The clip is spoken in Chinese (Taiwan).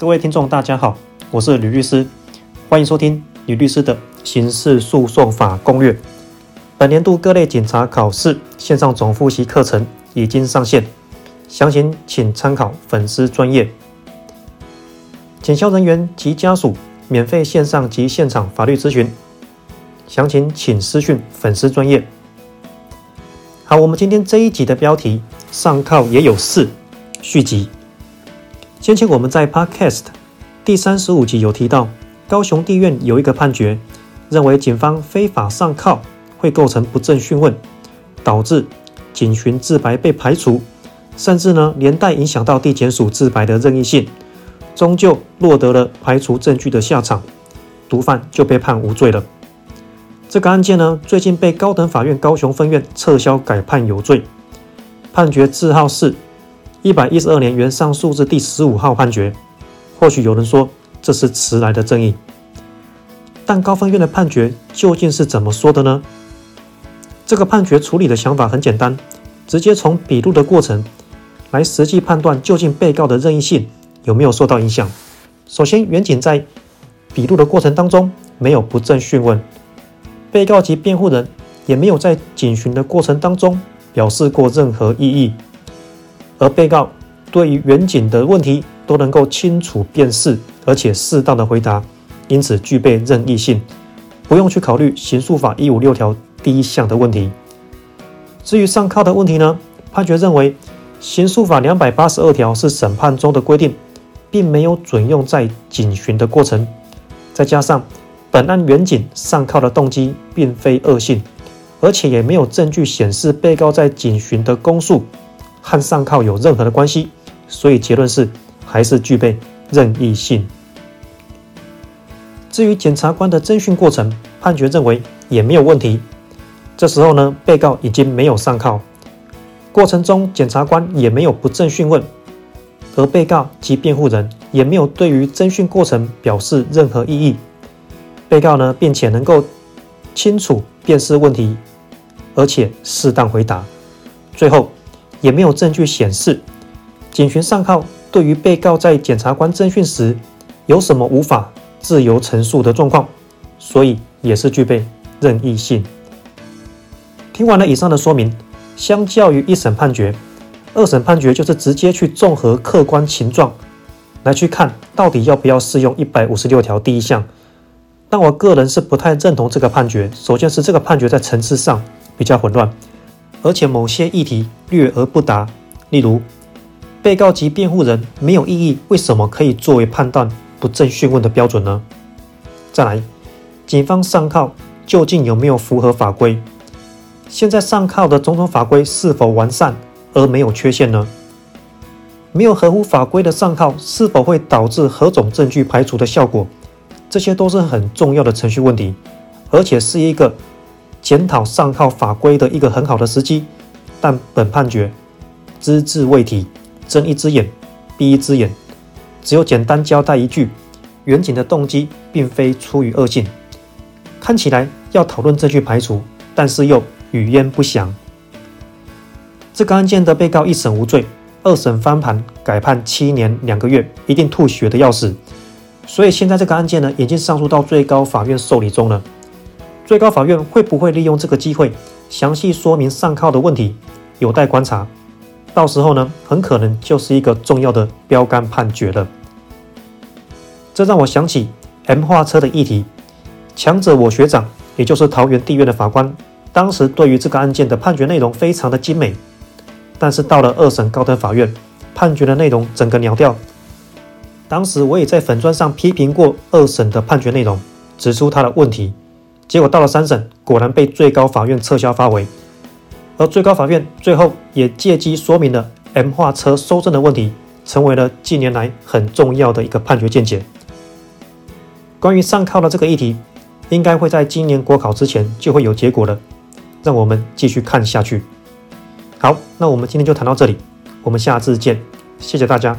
各位聽眾，大家好，我是呂律師，歡迎收聽呂律師的《刑事訴訟法攻略》。本年度各類警察考試線上總複習課程已經上線，詳情請參考粉絲專業。警消人員及家屬免費線上及現場法律諮詢，詳情請私訊粉絲專業。好，我們今天這一集的標題，上銬也有事續集。先前我們在 Podcast 第三十五集有提到，高雄地院有一個判決，認為警方非法上銬會構成不正訊問，導致警詢自白被排除，甚至呢連帶影響到地檢署自白的任意性，終究落得了排除證據的下場，毒販就被判無罪了。這個案件呢，最近被高等法院高雄分院撤銷改判有罪，判決字號是。一百一十二年原上訴字第十五號判決，或許有人說這是遲來的正義，但高分院的判決究竟是怎麼說的呢？這個判決處理的想法很簡單，直接從筆錄的過程來實際判斷，究竟被告的任意性有沒有受到影響。首先，原警在筆錄的過程當中沒有不正訊問，被告及辯護人也沒有在警詢的過程當中表示過任何異議。而被告對於員警的問題都能夠清楚辨識，而且適當的回答，因此具備任意性，不用去考慮刑訴法一五六條第一項的問題。至於上銬的問題呢？判決認為，刑訴法兩百八十二條是審判中的規定，並沒有準用在警詢的過程。再加上本案員警上銬的動機並非惡性，而且也沒有證據顯示被告在警詢的供述。和上銬有任何的關係，所以結論是還是具備任意性。至於檢察官的偵訊過程，判決認為也沒有問題。這時候呢，被告已經沒有上銬，過程中檢察官也沒有不正訊問，而被告及辯護人也沒有對於偵訊過程表示任何異議。被告呢，並且能夠清楚辨識問題，而且適當回答。最後，也沒有證據顯示，警詢上銬對於被告在檢察官偵訊時有什麼無法自由陳述的狀況，所以也是具備任意性。聽完了以上的說明，相較於一審判決，二審判決就是直接去綜合客觀情狀來去看到底要不要適用一百五十六條第一項。但我個人是不太認同這個判決，首先是這個判決在層次上比較混亂。而且某些議題略而不答，例如被告及辯護人沒有異議，為什麼可以作為判斷不正訊問的標準呢？再來，警方上銬究竟有沒有符合法規？現在上銬的種種法規是否完善而沒有缺陷呢？沒有合乎法規的上銬是否會導致何種證據排除的效果？這些都是很重要的程序問題，而且是一個檢討上銬法規的一個很好的時機，但本判決只字未提，睜一隻眼閉一隻眼，只有簡單交代一句：員警的動機並非出於惡性。看起來要討論證據排除，但是又語焉不詳。這個案件的被告一審無罪，二審翻盤改判七年兩個月，一定吐血得要死。所以現在這個案件呢，已經上訴到最高法院受理中了。最高法院會不會利用這個機會詳細說明上銬的問題，有待觀察。到時候呢，很可能就是一個重要的標杆判決了。這讓我想起 M 化車的議題。強者我學長，也就是桃園地院的法官，當時對於這個案件的判決內容非常的精美，但是到了二審高等法院，判決的內容整個鳥掉。當時我也在粉專上批評過二審的判決內容，指出他的問題。結果到了三審，果然被最高法院撤銷發回。而最高法院最後也借機說明了 M 化車收證的問題，成為了近年來很重要的一個判決見解。關於上銬的這個議題，應該會在今年國考之前就會有結果了。讓我們繼續看下去。好，那我們今天就談到這裡，我們下次見，謝謝大家。